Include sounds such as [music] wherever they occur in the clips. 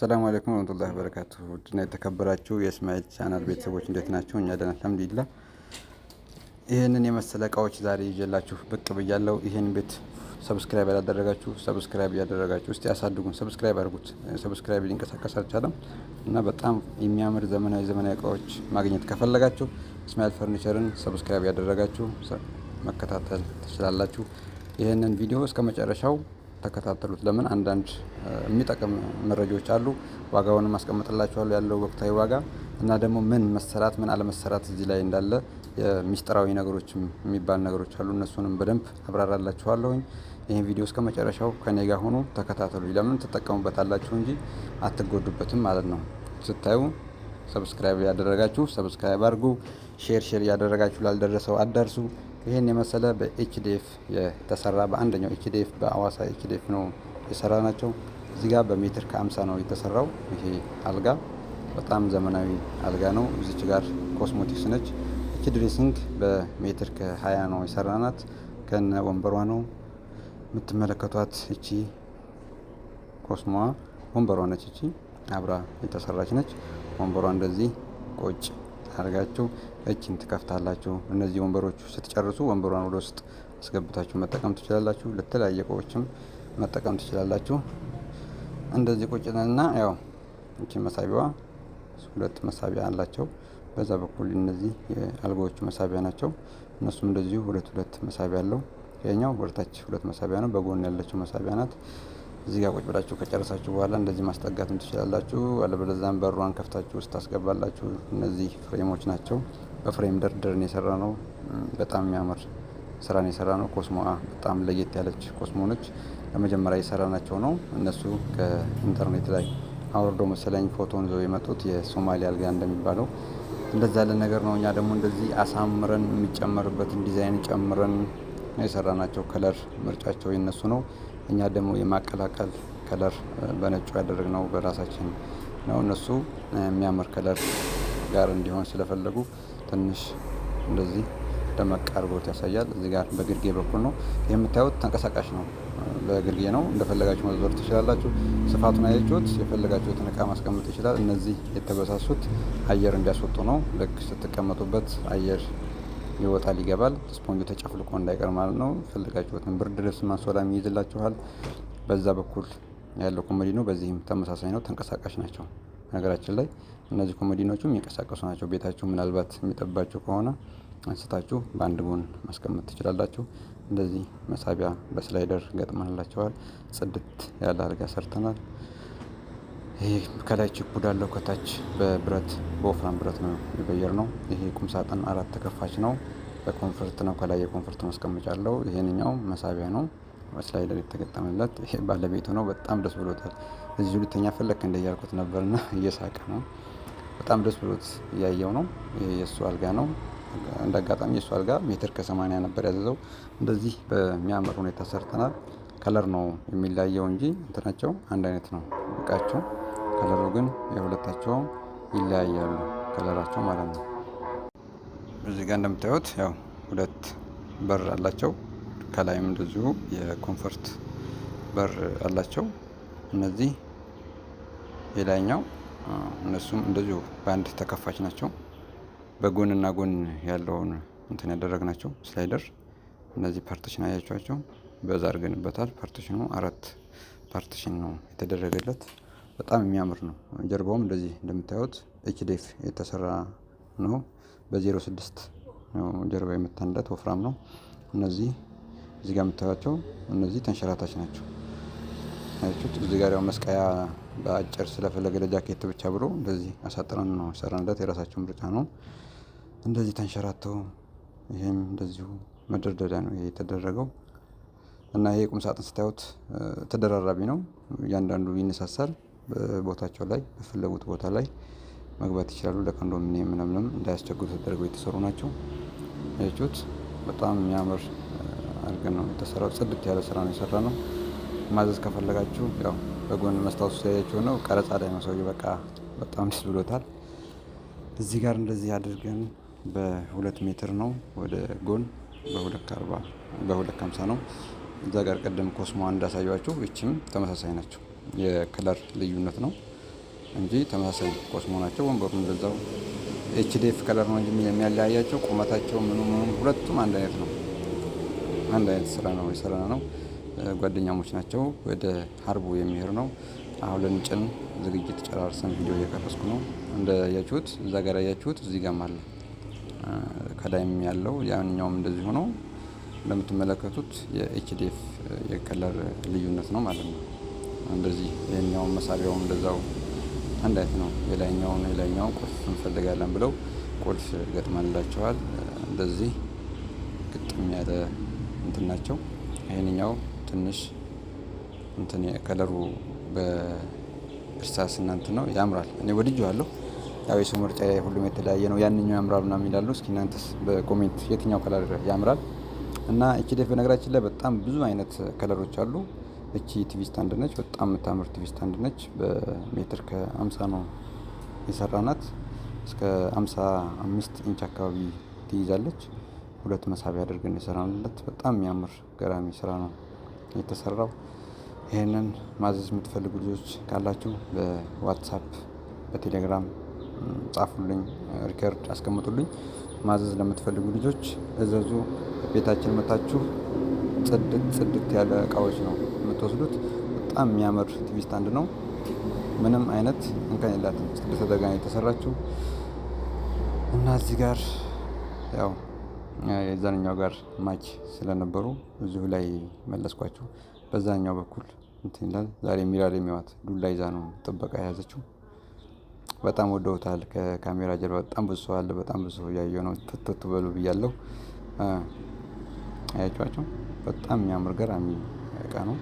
ሰላም አለይኩም ወረህመቱላሂ በረካቱ። ውድና የተከበራችሁ የእስማኤል ቻናል ቤተሰቦች እንዴት ናቸው? እኛ ደህና አልሐምዱሊላህ። ይህንን የመሰለ እቃዎች ዛሬ ይዤላችሁ ብቅ ብያለሁ። ይህን ቤት ሰብስክራይብ ያላደረጋችሁ ሰብስክራይብ እያደረጋችሁ እስቲ አሳድጉን፣ ሰብስክራይብ አድርጉት። ሰብስክራይብ ሊንቀሳቀስ አልቻለም እና በጣም የሚያምር ዘመናዊ ዘመናዊ እቃዎች ማግኘት ከፈለጋችሁ እስማኤል ፈርኒቸርን ሰብስክራይብ ያደረጋችሁ መከታተል ትችላላችሁ። ይህንን ቪዲዮ እስከ መጨረሻው ተከታተሉት። ለምን አንዳንድ የሚጠቅም መረጃዎች አሉ። ዋጋውንም አስቀምጥላችኋለሁ ያለው ወቅታዊ ዋጋ እና ደግሞ ምን መሰራት ምን አለመሰራት እዚህ ላይ እንዳለ የሚስጥራዊ ነገሮች የሚባል ነገሮች አሉ። እነሱንም በደንብ አብራራላችኋለሁኝ። ይህን ቪዲዮ እስከ መጨረሻው ከኔ ጋር ሆኖ ተከታተሉ። ለምን ትጠቀሙበታላችሁ እንጂ አትጎዱበትም ማለት ነው። ስታዩ ሰብስክራይብ ያደረጋችሁ ሰብስክራይብ አድርጉ። ሼር ሼር እያደረጋችሁ ላልደረሰው አዳርሱ። ይህን የመሰለ በኤችዲኤፍ የተሰራ በአንደኛው ኤችዲኤፍ በአዋሳ ኤችዲኤፍ ነው የሰራ ናቸው። እዚህ ጋር በሜትር ከ50 ነው የተሰራው። ይሄ አልጋ በጣም ዘመናዊ አልጋ ነው። እዚች ጋር ኮስሞቲክስ ነች። እቺ ድሬሲንግ በሜትር ከ20 ነው የሰራናት ከነ ወንበሯ ነው የምትመለከቷት። እቺ ኮስሞዋ ወንበሯ ነች። እቺ አብራ የተሰራች ነች። ወንበሯ እንደዚህ ቆጭ አድርጋችሁ እችን ትከፍታላችሁ። እነዚህ ወንበሮቹ ስትጨርሱ ወንበሯን ወደ ውስጥ አስገብታችሁ መጠቀም ትችላላችሁ። ለተለያየ እቃዎችም መጠቀም ትችላላችሁ። እንደዚህ ቁጭንና ያው እችን መሳቢያዋ ሁለት መሳቢያ አላቸው። በዛ በኩል እነዚህ የአልጋዎቹ መሳቢያ ናቸው። እነሱም እንደዚሁ ሁለት ሁለት መሳቢያ አለው። ይሄኛው ወደታች ሁለት መሳቢያ ነው። በጎን ያለችው መሳቢያ ናት። እዚህ ጋር ቁጭ ብላችሁ ከጨረሳችሁ በኋላ እንደዚህ ማስጠጋትም ትችላላችሁ። አለበለዚያም በሯን ከፍታችሁ ውስጥ ታስገባላችሁ። እነዚህ ፍሬሞች ናቸው። በፍሬም ደርድርን የሰራ ነው። በጣም የሚያምር ስራን የሰራ ነው። ኮስሞ በጣም ለየት ያለች ኮስሞ ነች። ለመጀመሪያ የሰራ ናቸው ነው እነሱ ከኢንተርኔት ላይ አውርዶ መሰለኝ ፎቶን ይዘው የመጡት የሶማሌ አልጋ እንደሚባለው እንደዛ ያለ ነገር ነው። እኛ ደግሞ እንደዚህ አሳምረን የሚጨመርበትን ዲዛይን ጨምረን የሰራ ናቸው። ከለር ምርጫቸው የነሱ ነው። እኛ ደግሞ የማቀላቀል ከለር በነጩ ያደረግነው በራሳችን ነው። እነሱ የሚያምር ከለር ጋር እንዲሆን ስለፈለጉ ትንሽ እንደዚህ ደመቅ አድርጎት ያሳያል። እዚህ ጋር በግርጌ በኩል ነው የምታዩት፣ ተንቀሳቃሽ ነው። በግርጌ ነው እንደፈለጋችሁ መዞር ትችላላችሁ። ስፋቱን አያችሁት? የፈለጋችሁትን እቃ ማስቀመጥ ይችላል። እነዚህ የተበሳሱት አየር እንዲያስወጡ ነው። ልክ ስትቀመጡበት አየር ይወጣል ይገባል። ስፖንጁ ተጨፍልቆ እንዳይቀር ማለት ነው። ፈልጋችሁትን ብርድ ልብስ ማንሶላም ይይዝላችኋል። በዛ በኩል ያለው ነው። በዚህም ተመሳሳይ ነው። ተንቀሳቃሽ ናቸው። ነገራችን ላይ እነዚህ ኮሞዲኖቹም የሚንቀሳቀሱ ናቸው። ቤታችሁ ምናልባት የሚጠባችሁ ከሆነ አንስታችሁ በአንድ ጎን ማስቀመጥ ትችላላችሁ። እንደዚህ መሳቢያ በስላይደር ገጥመንላቸዋል። ጽድት ያለ አልጋ ሰርተናል። ይሄ ከላይ ቺፑድ አለው። ከታች በብረት በወፍራም ብረት ነው የበየር ነው። ይሄ ቁምሳጥን አራት ተከፋች ነው። በኮንፈርት ነው። ከላይ የኮንፈርት ማስቀመጫ አለው። ይሄንኛው መሳቢያ ነው። ስላይደር የተገጠመለት ይሄ ባለቤቱ ነው። በጣም ደስ ብሎታል። እዚሁ ሁለተኛ ፈለክ እንደ እያልኩት ነበርና [laughs] እየሳቀ ነው። በጣም ደስ ብሎት እያየው ነው። ይሄ የእሱ አልጋ ነው። እንደ አጋጣሚ የእሱ አልጋ ሜትር ከሰማንያ ነበር ያዘዘው። እንደዚህ በሚያምር ሁኔታ ሰርተናል። ከለር ነው የሚለያየው እንጂ እንትናቸው አንድ አይነት ነው እቃቸው። ከለሩ ግን የሁለታቸውም ይለያያሉ ከለራቸው ማለት ነው። እዚህ ጋር እንደምታዩት ያው ሁለት በር አላቸው። ከላይም እንደዚሁ የኮንፈርት በር አላቸው። እነዚህ የላይኛው እነሱም እንደዚሁ በአንድ ተከፋች ናቸው። በጎንና ጎን ያለውን እንትን ያደረግ ናቸው ስላይደር እነዚህ ፓርቲሽን አያቸዋቸው በዛ አድርገንበታል። ፓርቲሽኑ አራት ፓርቲሽን ነው የተደረገለት። በጣም የሚያምር ነው። ጀርባውም እንደዚህ እንደምታዩት ኤችዴፍ የተሰራ ነው። በ በ06 ጀርባ የምታንለት ወፍራም ነው። እነዚህ እዚህ ጋር የምታዩቸው እነዚህ ተንሸራታች ናቸው። ያችሁት እዚህ ጋር ያው መስቀያ በአጭር ስለፈለገ ለጃኬት ብቻ ብሎ እንደዚህ አሳጥረን ነው ሰራንለት። የራሳቸው ምርጫ ነው። እንደዚህ ተንሸራተው ይህም እንደዚሁ መደርደሪያ ነው ይሄ የተደረገው እና ይሄ ቁምሳጥን ስታዩት ተደራራቢ ነው። እያንዳንዱ ይነሳሳል። ቦታቸው ላይ በፈለጉት ቦታ ላይ መግባት ይችላሉ። ለኮንዶሚኒየም ምናምንም እንዳያስቸግሩ ተደርገው የተሰሩ ናቸው። ያችሁት በጣም የሚያምር አድርገን ነው የተሰራው። ጽድት ያለ ስራ ነው የሰራ ነው። ማዘዝ ከፈለጋችሁ ያው በጎን መስታወት ሲያያቸው ነው። ቀረጻ ላይ ነው በቃ በጣም ደስ ብሎታል። እዚህ ጋር እንደዚህ አድርገን በሁለት ሜትር ነው ወደ ጎን በሁለት ከምሳ ነው። እዛ ጋር ቀደም ኮስሞ እንዳሳያችሁ ይችም ተመሳሳይ ናቸው። የክለር ልዩነት ነው እንጂ ተመሳሳይ እቃዎች ናቸው። ወንበሩ እንደዛው ኤችዲኤፍ ከለር ነው እንጂ የሚያለያያቸው ቁመታቸው ምኑ ምኑ ሁለቱም አንድ አይነት ነው። አንድ አይነት ስራ ነው የሰራ ነው። ጓደኛሞች ናቸው። ወደ ሀርቡ የሚሄድ ነው። አሁን ልንጭን ዝግጅት ጨራርሰን ቪዲዮ እየቀረስኩ ነው። እንደያችሁት እዛ ጋር ያያችሁት እዚህ ጋም አለ ከዳይም ያለው ያኛውም እንደዚህ ሆኖ እንደምትመለከቱት የኤችዲኤፍ የከለር ልዩነት ነው ማለት ነው። እንደዚህ የኛውን መሳቢያውን እንደዛው አንድ አይነት ነው። የላይኛውን የላይኛውን ቁልፍ እንፈልጋለን ብለው ቁልፍ ገጥማላቸዋል። እንደዚህ ግጥም ያለ እንትን ናቸው። ይህንኛው ትንሽ እንትን ከለሩ በእርሳስ እናንት ነው ያምራል። እኔ ወድጄዋለሁ። ያው የሰው ምርጫ ሁሉም የተለያየ ነው። ያንኛው ያምራል ምናምን ይላሉ። እስኪ እናንተስ በኮሜንት የትኛው ከለር ያምራል? እና እቺ በነገራችን ላይ በጣም ብዙ አይነት ከለሮች አሉ። እቺ ቲቪ ስታንድ ነች። በጣም የምታምር ቲቪ ስታንድ ነች። በሜትር ከ50 ነው የሰራናት። እስከ 55 ኢንች አካባቢ ትይዛለች። ሁለት መሳቢያ አድርገን የሰራንለት በጣም የሚያምር ገራሚ ስራ ነው የተሰራው። ይህንን ማዘዝ የምትፈልጉ ልጆች ካላችሁ በዋትሳፕ በቴሌግራም ጻፉልኝ፣ ሪከርድ አስቀምጡልኝ። ማዘዝ ለምትፈልጉ ልጆች እዘዙ። ቤታችን መታችሁ ጽድት ጽድት ያለ እቃዎች ነው ብትወስዱት በጣም የሚያምር ቲቪ ስታንድ ነው። ምንም አይነት እንከን የላትም። ስድስት የተሰራችው እና እዚህ ጋር ያው የዛንኛው ጋር ማች ስለነበሩ እዚሁ ላይ መለስኳቸው። በዛኛው በኩል እንትን ይላል። ዛሬ ሚራር የሚዋት ዱላ ይዛ ነው ጥበቃ የያዘችው። በጣም ወደውታል። ከካሜራ ጀርባ በጣም ብዙ ሰው አለ። በጣም ብዙ ሰው ነው። ትትቱ በሉ ብያለሁ። አያቸዋቸው በጣም የሚያምር ገራሚ እቃ ነው።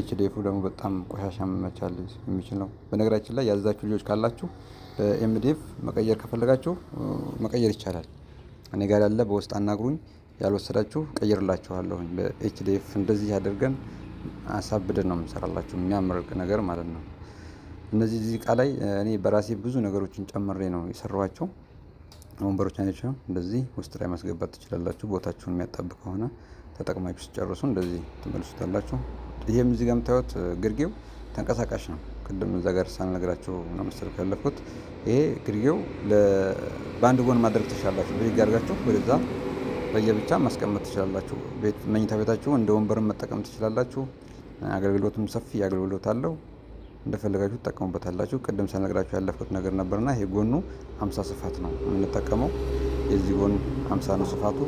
ኤችዲኤፉ ደግሞ በጣም ቆሻሻ መቻል የሚችል ነው። በነገራችን ላይ ያዘዛችሁ ልጆች ካላችሁ በኤምዲኤፍ መቀየር ከፈለጋችሁ መቀየር ይቻላል። እኔ ጋር ያለ በውስጥ አናግሩኝ። ያልወሰዳችሁ ቀይርላችኋለሁኝ። በኤችዲኤፍ እንደዚህ አድርገን አሳብደን ነው የምንሰራላችሁ የሚያምር ነገር ማለት ነው። እነዚህ እዚህ እቃ ላይ እኔ በራሴ ብዙ ነገሮችን ጨምሬ ነው የሰራኋቸው። ወንበሮች ናቸው። እንደዚህ ውስጥ ላይ ማስገባት ትችላላችሁ። ቦታችሁን የሚያጣብቅ ከሆነ ተጠቅማችሁ ሲጨርሱ እንደዚህ ትመልሱታላችሁ። ይሄም እዚህ ጋር የምታዩት ግርጌው ተንቀሳቃሽ ነው። ቅድም እዛ ጋር ሳልነግራችሁ ነው መሰለኝ ያለፍኩት። ይሄ ግርጌው በአንድ ጎን ማድረግ ትችላላችሁ። ብድግ አድርጋችሁ ወደዛ በየብቻ ማስቀመጥ ትችላላችሁ። መኝታ ቤታችሁ እንደ ወንበር መጠቀም ትችላላችሁ። አገልግሎትም ሰፊ አገልግሎት አለው። እንደፈለጋችሁ ትጠቀሙበታላችሁ። ቅድም ሳልነግራችሁ ያለፍኩት ነገር ነበርና ይሄ ጎኑ 50 ስፋት ነው የምንጠቀመው። የዚህ ጎን አምሳ ነው ስፋቱ።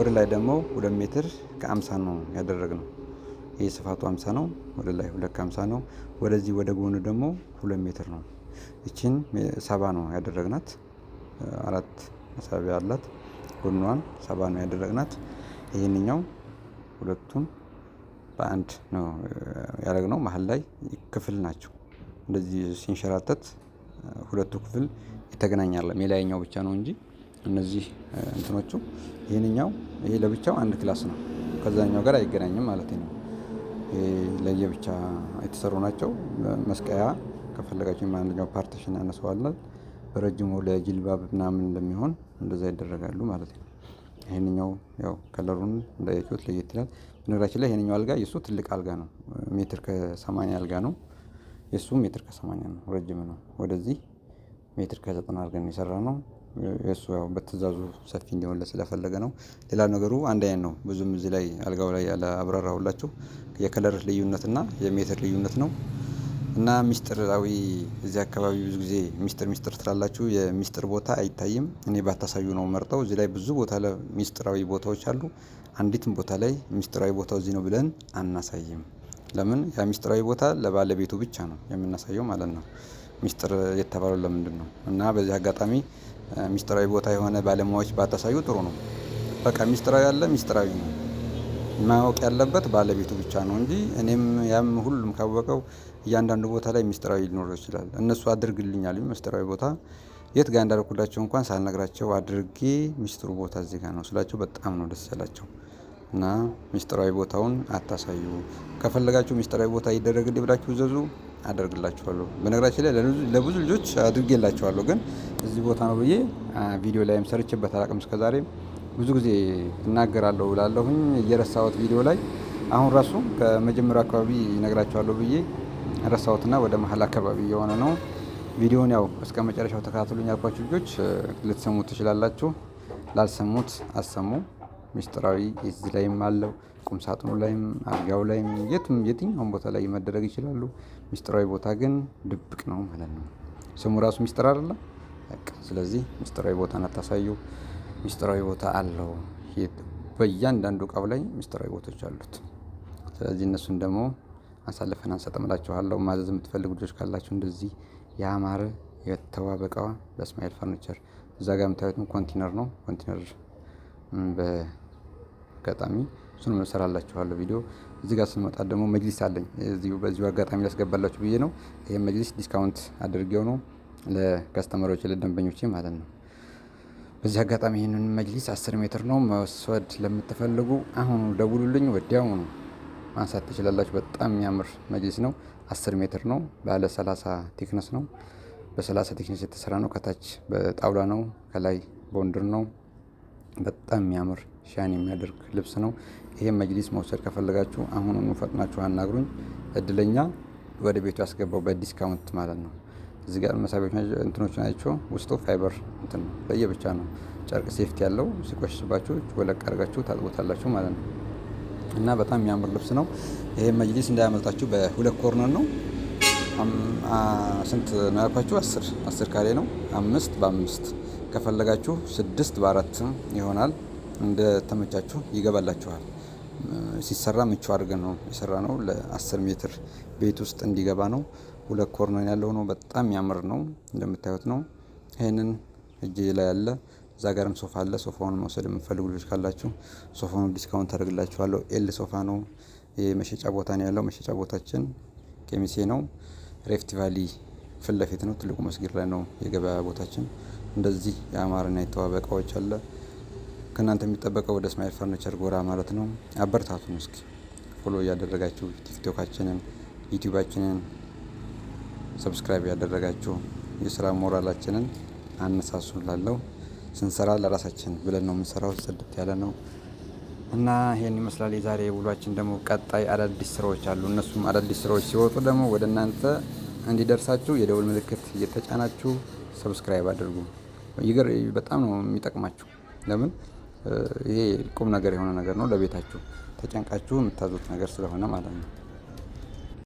ወደ ላይ ደግሞ ሁለት ሜትር ነው ያደረግ ነው ያደረግነው። ይህ ስፋቱ 50 ነው። ወደ ላይ 250 ነው። ወደዚህ ወደ ጎኑ ደግሞ 2 ሜትር ነው። እቺን ሰባ ነው ያደረግናት። አራት መሳቢያ አላት። ጎኗን ሰባ ነው ያደረግናት። ይህንኛው ሁለቱን በአንድ ነው ያደረግነው። መሀል ላይ ክፍል ናቸው። እንደዚህ ሲንሸራተት ሁለቱ ክፍል ይተገናኛል። የላይኛው ብቻ ነው እንጂ እነዚህ እንትኖቹ ይህንኛው ይሄ ለብቻው አንድ ክላስ ነው። ከዛኛው ጋር አይገናኝም ማለት ነው። ለየብቻ የተሰሩ ናቸው። መስቀያ ከፈለጋቸው አንደኛው ፓርቲሽን አነሰዋለን። በረጅሙ ለጅልባብ ምናምን እንደሚሆን እንደዛ ይደረጋሉ ማለት ነው። ይህንኛው ያው ከለሩን እንዳያችሁት ለየት ይላል። በነገራችን ላይ ይህንኛው አልጋ የእሱ ትልቅ አልጋ ነው። ሜትር ከሰማንያ አልጋ ነው የእሱ ሜትር ከሰማንያ ነው። ረጅም ነው። ወደዚህ ሜትር ከዘጠና አድርገን የሰራ ነው። እሱ ያው በትእዛዙ ሰፊ እንዲሆንለት ስለፈለገ ነው። ሌላ ነገሩ አንድ አይነት ነው። ብዙም እዚህ ላይ አልጋው ላይ ያለ አብራራሁላችሁ የከለር ልዩነትና የሜትር ልዩነት ነው። እና ሚስጥራዊ እዚህ አካባቢ ብዙ ጊዜ ሚስጥር ሚስጥር ትላላችሁ። የሚስጥር ቦታ አይታይም። እኔ ባታሳዩ ነው መርጠው። እዚህ ላይ ብዙ ቦታ ሚስጥራዊ ቦታዎች አሉ። አንዲትም ቦታ ላይ ሚስጥራዊ ቦታው እዚህ ነው ብለን አናሳይም። ለምን? ያ ሚስጥራዊ ቦታ ለባለቤቱ ብቻ ነው የምናሳየው ማለት ነው። ሚስጥር የተባለው ለምንድን ነው? እና በዚህ አጋጣሚ ሚስጥራዊ ቦታ የሆነ ባለሙያዎች ባታሳዩ ጥሩ ነው። በቃ ሚስጥራዊ ያለ ሚስጥራዊ ነው። ማወቅ ያለበት ባለቤቱ ብቻ ነው እንጂ እኔም ያም ሁሉም ካወቀው እያንዳንዱ ቦታ ላይ ሚስጥራዊ ሊኖረው ይችላል። እነሱ አድርግልኛል ሚስጥራዊ ቦታ የት ጋር እንዳደረኩላቸው እንኳን ሳልነግራቸው አድርጌ ሚስጥሩ ቦታ እዚህ ጋር ነው ስላቸው በጣም ነው ደስ ያላቸው። እና ሚስጥራዊ ቦታውን አታሳዩ። ከፈለጋችሁ ሚስጥራዊ ቦታ ይደረግልኝ ብላችሁ ዘዙ። አደርግላችኋለሁ። በነገራችን ላይ ለብዙ ልጆች አድርጌላችኋለሁ፣ ግን እዚህ ቦታ ነው ብዬ ቪዲዮ ላይም ሰርችበት አላቅም። እስከዛሬ ብዙ ጊዜ እናገራለሁ ብላለሁኝ እየረሳሁት ቪዲዮ ላይ አሁን ራሱ ከመጀመሪያው አካባቢ እነግራችኋለሁ ብዬ ረሳሁትና ወደ መሀል አካባቢ የሆነ ነው። ቪዲዮን ያው እስከ መጨረሻው ተከታተሉኝ ያልኳችሁ ልጆች ልትሰሙት ትችላላችሁ። ላልሰሙት አሰሙ። ሚስጥራዊ እዚህ ላይም አለው ቁምሳጥኑ ላይም አልጋው ላይም የትም የትኛውን ቦታ ላይ መደረግ ይችላሉ። ሚስጥራዊ ቦታ ግን ድብቅ ነው ማለት ነው። ስሙ ራሱ ሚስጥር አይደለም። በቃ ስለዚህ ሚስጥራዊ ቦታን አታሳዩ። ሚስጥራዊ ቦታ አለው። በእያንዳንዱ እቃው ላይ ሚስጥራዊ ቦታዎች አሉት። ስለዚህ እነሱን ደግሞ አሳልፈን አንሰጥም እላችኋለሁ። ማዘዝ የምትፈልጉ ልጆች ካላችሁ እንደዚህ የአማረ የተዋበ እቃዋ በእስማኤል ፈርኒቸር። እዛ ጋር የምታዩትም ኮንቲነር ነው። ኮንቲነር በአጋጣሚ እሱን እሰራላችኋለሁ ቪዲዮ እዚህ ጋር ስንመጣ ደግሞ መጅሊስ አለኝ እዚሁ በዚሁ አጋጣሚ ላስገባላችሁ ብዬ ነው። ይህ መጅሊስ ዲስካውንት አድርጌው ነው ለከስተመሮች ለደንበኞች ማለት ነው። በዚህ አጋጣሚ ይህንን መጅሊስ አስር ሜትር ነው መውሰድ ለምትፈልጉ አሁኑ ደውሉልኝ፣ ወዲያውኑ ማንሳት ትችላላችሁ። በጣም የሚያምር መጅሊስ ነው። አስር ሜትር ነው። ባለ ሰላሳ ቴክነስ ነው። በሰላሳ ቴክነስ የተሰራ ነው። ከታች በጣውላ ነው፣ ከላይ በወንድር ነው። በጣም የሚያምር ሻን የሚያደርግ ልብስ ነው። ይሄን መጅሊስ መውሰድ ከፈለጋችሁ አሁኑኑ ፈጥናችሁ አናግሩኝ። እድለኛ ወደ ቤቱ ያስገባው በዲስካውንት ማለት ነው። እዚህ ጋር መሳቢያዎች እንትኖች ናቸው። ውስጡ ፋይበር እንትን ለየብቻ ነው። ጨርቅ ሴፍቲ ያለው ሲቆሽሽባችሁ ወለቅ አድርጋችሁ ታጥቦታላችሁ ማለት ነው እና በጣም የሚያምር ልብስ ነው። ይሄ መጅሊስ እንዳያመልጣችሁ። በሁለት ኮርነር ነው። ስንት ነው ያልኳችሁ? አስር አስር ካሬ ነው። አምስት በአምስት ከፈለጋችሁ ስድስት በአራት ይሆናል። እንደ ተመቻችሁ ይገባላችኋል። ሲሰራ ምቹ አድርገን ነው የሰራ ነው። ለ10 ሜትር ቤት ውስጥ እንዲገባ ነው። ሁለት ኮርነር ያለው ነው። በጣም ያምር ነው እንደምታዩት ነው። ይህንን እጅ ላይ ያለ እዛ ጋርም ሶፋ አለ። ሶፋውን መውሰድ የምፈልጉ ልጆች ካላችሁ ሶፋውን ዲስካውንት አደርግላችኋለሁ። ኤል ሶፋ ነው። የመሸጫ ቦታ ነው ያለው። መሸጫ ቦታችን ኬሚሴ ነው። ሬፍት ቫሊ ፊት ለፊት ነው። ትልቁ መስጊድ ላይ ነው የገበያ ቦታችን። እንደዚህ የአማርና የተዋበ እቃዎች አለ። ከእናንተ የሚጠበቀው ወደ ስማይል ፈርኒቸር ጎራ ማለት ነው። አበረታቱን እስኪ ፎሎ እያደረጋችሁ ቲክቶካችንን፣ ዩቲዩባችንን ሰብስክራይብ እያደረጋችሁ የስራ ሞራላችንን አነሳሱን። ላለው ስንሰራ ለራሳችን ብለን ነው የምንሰራው። ጽድት ያለ ነው እና ይህን ይመስላል የዛሬ ውሏችን። ደግሞ ቀጣይ አዳዲስ ስራዎች አሉ። እነሱም አዳዲስ ስራዎች ሲወጡ ደግሞ ወደ እናንተ እንዲደርሳችሁ የደውል ምልክት እየተጫናችሁ ሰብስክራይብ አድርጉ። በጣም ነው የሚጠቅማችሁ። ለምን ይሄ ቁም ነገር የሆነ ነገር ነው። ለቤታችሁ ተጨንቃችሁ የምታዙት ነገር ስለሆነ ማለት ነው።